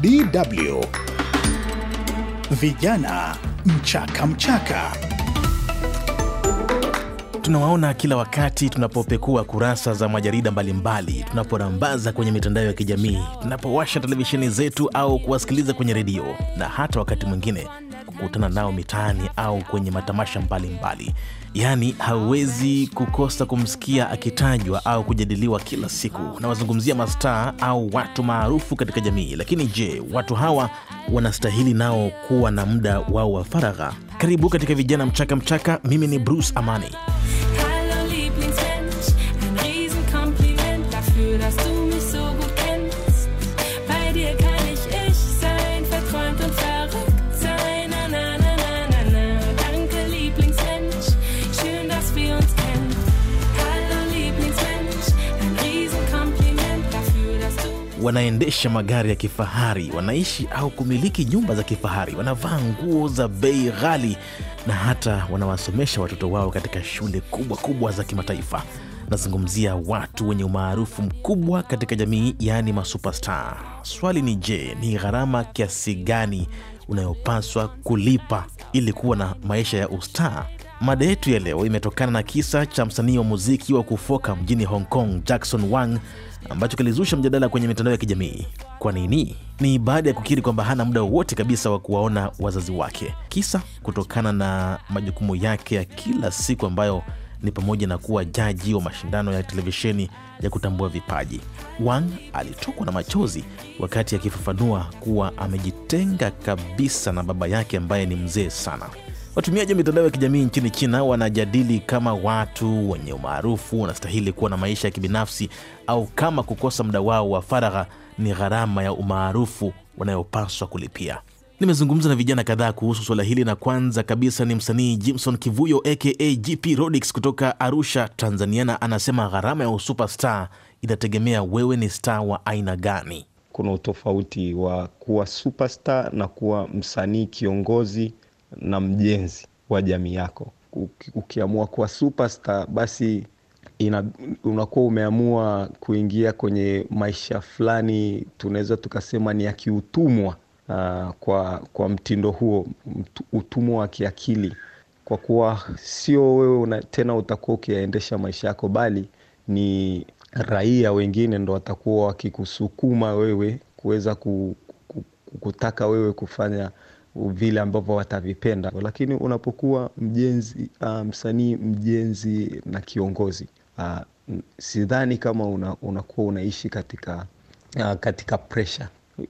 DW vijana mchaka mchaka. Tunawaona kila wakati tunapopekua kurasa za majarida mbalimbali, tunaporambaza kwenye mitandao ya kijamii, tunapowasha televisheni zetu au kuwasikiliza kwenye redio, na hata wakati mwingine kukutana nao mitaani au kwenye matamasha mbalimbali mbali. Yaani hawezi kukosa kumsikia akitajwa au kujadiliwa kila siku. Nawazungumzia mastaa au watu maarufu katika jamii, lakini je, watu hawa wanastahili nao kuwa na muda wao wa faragha? Karibu katika Vijana Mchaka Mchaka. Mimi ni Bruce Amani. wanaendesha magari ya kifahari, wanaishi au kumiliki nyumba za kifahari, wanavaa nguo za bei ghali na hata wanawasomesha watoto wao katika shule kubwa kubwa za kimataifa. Nazungumzia watu wenye umaarufu mkubwa katika jamii, yaani masupastar. Swali ni je, ni gharama kiasi gani unayopaswa kulipa ili kuwa na maisha ya ustaa? Mada yetu ya leo imetokana na kisa cha msanii wa muziki wa kufoka mjini Hong Kong, Jackson Wang ambacho kilizusha mjadala kwenye mitandao ya kijamii. Kwa nini? Ni baada ya kukiri kwamba hana muda wowote kabisa wa kuwaona wazazi wake, kisa kutokana na majukumu yake ya kila siku ambayo ni pamoja na kuwa jaji wa mashindano ya televisheni ya kutambua vipaji. Wang alitokwa na machozi wakati akifafanua kuwa amejitenga kabisa na baba yake ambaye ni mzee sana. Watumiaji wa mitandao ya kijamii nchini China wanajadili kama watu wenye umaarufu wanastahili kuwa na maisha ya kibinafsi au kama kukosa muda wao wa faragha ni gharama ya umaarufu wanayopaswa kulipia. Nimezungumza na vijana kadhaa kuhusu suala hili, na kwanza kabisa ni msanii Jimson Kivuyo aka GP Rodix kutoka Arusha, Tanzania, na anasema gharama ya usuperstar inategemea wewe ni star wa aina gani. Kuna utofauti wa kuwa superstar na kuwa msanii kiongozi na mjenzi wa jamii yako. Ukiamua kuwa superstar, basi ina, unakuwa umeamua kuingia kwenye maisha fulani, tunaweza tukasema ni ya kiutumwa. Uh, kwa, kwa mtindo huo utumwa wa kiakili, kwa kuwa sio wewe una, tena utakuwa ukiyaendesha maisha yako, bali ni raia wengine ndo watakuwa wakikusukuma wewe kuweza kutaka wewe kufanya vile ambavyo watavipenda, lakini unapokuwa mjenzi uh, msanii mjenzi na kiongozi uh, sidhani kama una, unakuwa unaishi katika uh, katika presha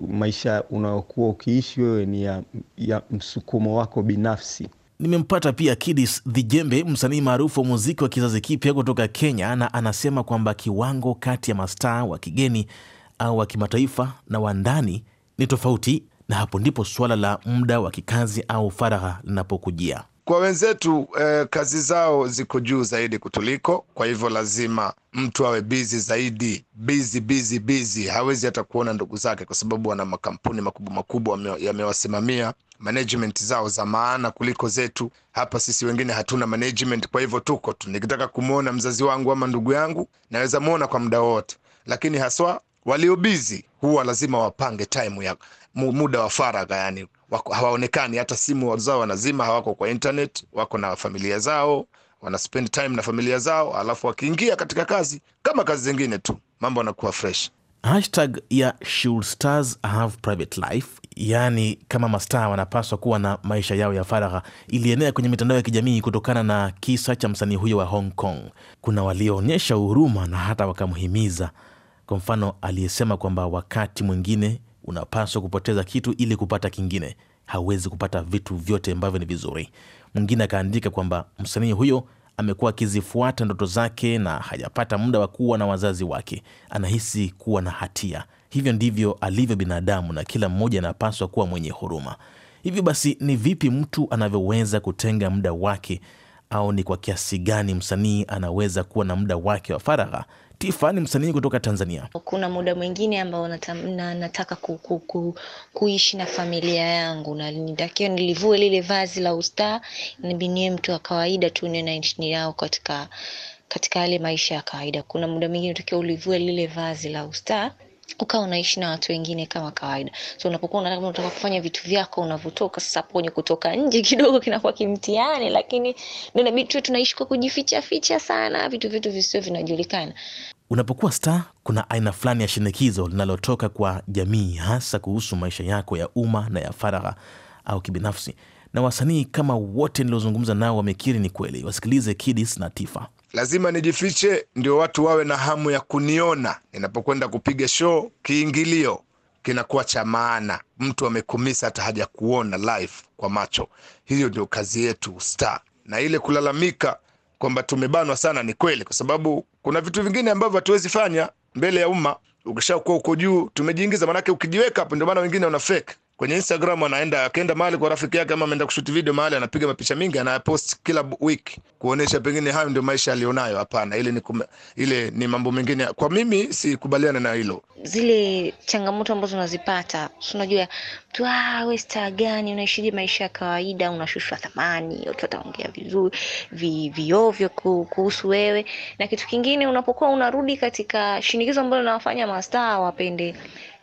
Maisha unaokuwa ukiishi wewe ni ya, ya msukumo wako binafsi. Nimempata pia Kidis Dhijembe, msanii maarufu wa muziki wa kizazi kipya kutoka Kenya, na anasema kwamba kiwango kati ya mastaa wa kigeni au wa kimataifa na wa ndani ni tofauti na hapo ndipo suala la muda wa kikazi au faragha linapokujia. Kwa wenzetu eh, kazi zao ziko juu zaidi kutuliko, kwa hivyo lazima mtu awe bizi zaidi, bizi bizi bizi, hawezi hata kuona ndugu zake, kwa sababu wana makampuni makubwa makubwa yamewasimamia management zao za maana kuliko zetu. Hapa sisi wengine hatuna management, kwa hivyo tuko tu, nikitaka kumwona mzazi wangu ama ndugu yangu naweza mwona kwa muda wote, lakini haswa waliobizi huwa lazima wapange time ya muda wa faragha, yani hawaonekani, hata simu zao wanazima, hawako kwa internet, wako na familia zao, wana spend time na familia zao, alafu wakiingia katika kazi kama kazi zingine tu, mambo anakuwa fresh. Hashtag ya should stars have private life, yaani kama mastaa wanapaswa kuwa na maisha yao ya faragha, ilienea kwenye mitandao ya kijamii kutokana na kisa cha msanii huyo wa Hong Kong. Kuna walioonyesha huruma na hata wakamhimiza kwa mfano, aliyesema kwamba wakati mwingine unapaswa kupoteza kitu ili kupata kingine, hawezi kupata vitu vyote ambavyo ni vizuri. Mwingine akaandika kwamba msanii huyo amekuwa akizifuata ndoto zake na hajapata muda wa kuwa na wazazi wake, anahisi kuwa na hatia. Hivyo ndivyo alivyo binadamu, na kila mmoja anapaswa kuwa mwenye huruma. Hivyo basi, ni vipi mtu anavyoweza kutenga muda wake, au ni kwa kiasi gani msanii anaweza kuwa na muda wake wa faragha Tifa ni msanii kutoka Tanzania. Kuna muda mwingine ambao na, nataka ku, ku, ku, kuishi na familia yangu na nitakiwa nilivue lile vazi la ustaa nibinie mtu wa kawaida tu nena nchini yao katika katika yale maisha ya kawaida. Kuna muda mwingine takiwa ulivue lile vazi la ustaa ukawa unaishi na watu wengine kama kawaida. So unapokuwa unataka unataka kufanya vitu vyako unavotoka sasa, ponye kutoka nje kidogo kinakuwa kimtihani, lakini ndio inabidi tu tunaishi kwa kujificha ficha sana, vitu vitu visio vinajulikana. Unapokuwa star, kuna aina fulani ya shinikizo linalotoka kwa jamii, hasa kuhusu maisha yako ya umma na ya faragha au kibinafsi, na wasanii kama wote niliozungumza nao wamekiri ni kweli. Wasikilize Kidis na Tifa lazima nijifiche, ndio watu wawe na hamu ya kuniona ninapokwenda kupiga show. Kiingilio kinakuwa cha maana, mtu amekumisa hata haja kuona live kwa macho. Hiyo ndio kazi yetu star. Na ile kulalamika kwamba tumebanwa sana ni kweli, kwa sababu kuna vitu vingine ambavyo hatuwezi fanya mbele ya umma. Ukishakuwa uko juu, tumejiingiza maanake, ukijiweka hapo, ndio maana wengine wana fake kwenye Instagram anaenda akenda mahali kwa rafiki yake, ama ameenda kushuti video mahali, anapiga mapicha mingi, anapost kila wiki kuonesha pengine hayo ndio maisha alionayo. Hapana, ile ni kuma, ile ni mambo mengine. Kwa mimi sikubaliana na hilo. Zile changamoto ambazo unazipata, unajua mtu ah, wewe star gani, unaishije maisha ya kawaida, unashushwa thamani, watu wataongea vizuri vi, viovyo kuhusu wewe, na kitu kingine unapokuwa unarudi katika shinikizo ambalo nawafanya mastaa wapende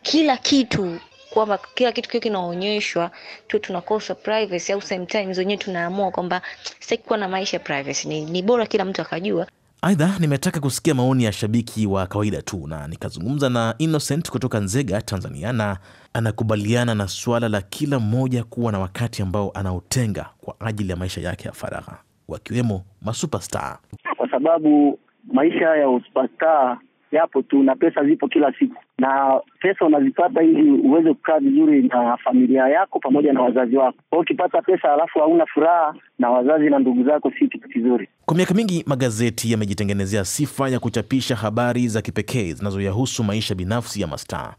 kila kitu kwamba kila kitu kio kinaonyeshwa tu tunakosa privacy, au sometimes wenyewe tunaamua kwamba sitaki kuwa na maisha privacy. Ni, ni bora kila mtu akajua. Aidha, nimetaka kusikia maoni ya shabiki wa kawaida tu na nikazungumza na Innocent kutoka Nzega, Tanzania, na anakubaliana na suala la kila mmoja kuwa na wakati ambao anaotenga kwa ajili ya maisha yake ya faragha, wakiwemo masuperstar, kwa sababu maisha ya usuperstar yapo tu na pesa zipo kila siku, na pesa unazipata ili uweze kukaa vizuri na familia yako pamoja na wazazi wako. Kwa ukipata pesa alafu hauna furaha na wazazi na ndugu zako, si kitu kizuri. Kwa miaka mingi magazeti yamejitengenezea sifa ya kuchapisha habari za kipekee zinazoyahusu maisha binafsi ya mastaa.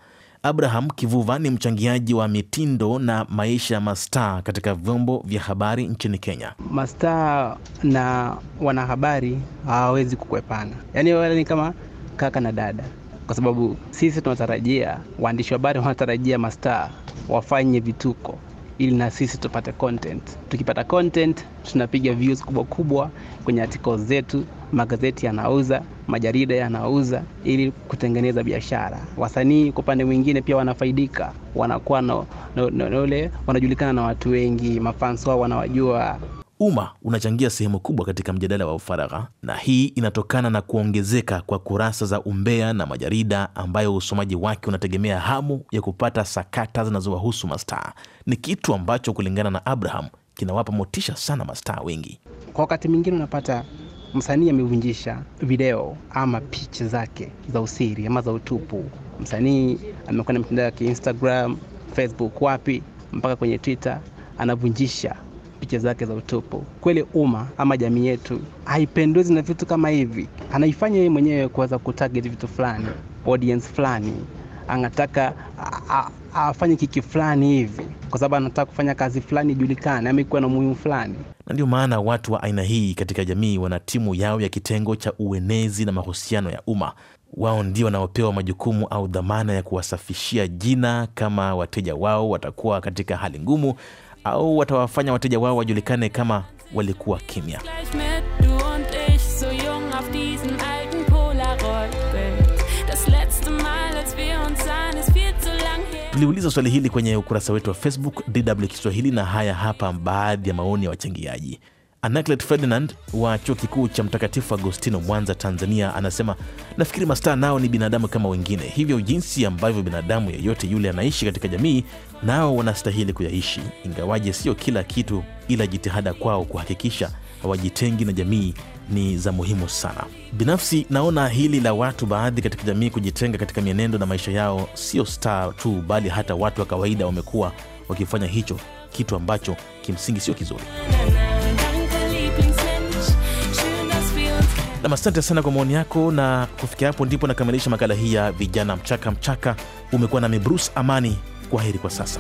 Abraham Kivuva ni mchangiaji wa mitindo na maisha ya mastaa katika vyombo vya habari nchini Kenya. Mastaa na wanahabari hawawezi kukwepana, yaani wale ni kama kaka na dada, kwa sababu sisi tunatarajia waandishi wa habari wanatarajia mastaa wafanye vituko ili na sisi tupate content. Tukipata content, tunapiga views kubwa kubwa kwenye atiko zetu, magazeti yanauza, majarida yanauza, ili kutengeneza biashara. Wasanii kwa upande mwingine pia wanafaidika, wanakuwa na, no, no, no, ule wanajulikana na watu wengi, mafans wao wanawajua, Umma unachangia sehemu kubwa katika mjadala wa faragha, na hii inatokana na kuongezeka kwa kurasa za umbea na majarida ambayo usomaji wake unategemea hamu ya kupata sakata zinazowahusu mastaa. Ni kitu ambacho kulingana na Abraham kinawapa motisha sana mastaa wengi. Kwa wakati mwingine unapata msanii amevunjisha video ama picha zake za usiri ama za utupu. Msanii amekuwa na mitandao ya kiinstagram Facebook, wapi mpaka kwenye Twitter, anavunjisha picha zake za utupu. Kweli umma ama jamii yetu haipendezi na vitu kama hivi, anaifanya yeye mwenyewe kuweza kutarget vitu fulani, audience fulani, anataka afanye kiki fulani hivi, kwa sababu anataka kufanya kazi fulani ijulikane, amekuwa na muhimu fulani na ndio maana watu wa aina hii katika jamii wana timu yao ya kitengo cha uenezi na mahusiano ya umma. Wao ndio wanaopewa majukumu au dhamana ya kuwasafishia jina kama wateja wao watakuwa katika hali ngumu au watawafanya wateja wao wajulikane kama walikuwa kimya. Tuliuliza swali hili kwenye ukurasa wetu wa Facebook DW Kiswahili, na haya hapa baadhi ya maoni ya wachangiaji. Anaclet Ferdinand wa chuo kikuu cha Mtakatifu Agostino Mwanza, Tanzania, anasema nafikiri mastaa nao ni binadamu kama wengine, hivyo jinsi ambavyo binadamu yeyote yule anaishi katika jamii, nao wanastahili kuyaishi, ingawaje sio kila kitu, ila jitihada kwao kuhakikisha hawajitengi na jamii ni za muhimu sana. Binafsi naona hili la watu baadhi katika jamii kujitenga katika mienendo na maisha yao, sio staa tu, bali hata watu wa kawaida wamekuwa wakifanya hicho kitu ambacho kimsingi sio kizuri. Nam, asante sana kwa maoni yako, na kufikia hapo ndipo nakamilisha makala hii ya vijana mchaka mchaka. Umekuwa nami Bruce Amani, kwa heri kwa sasa.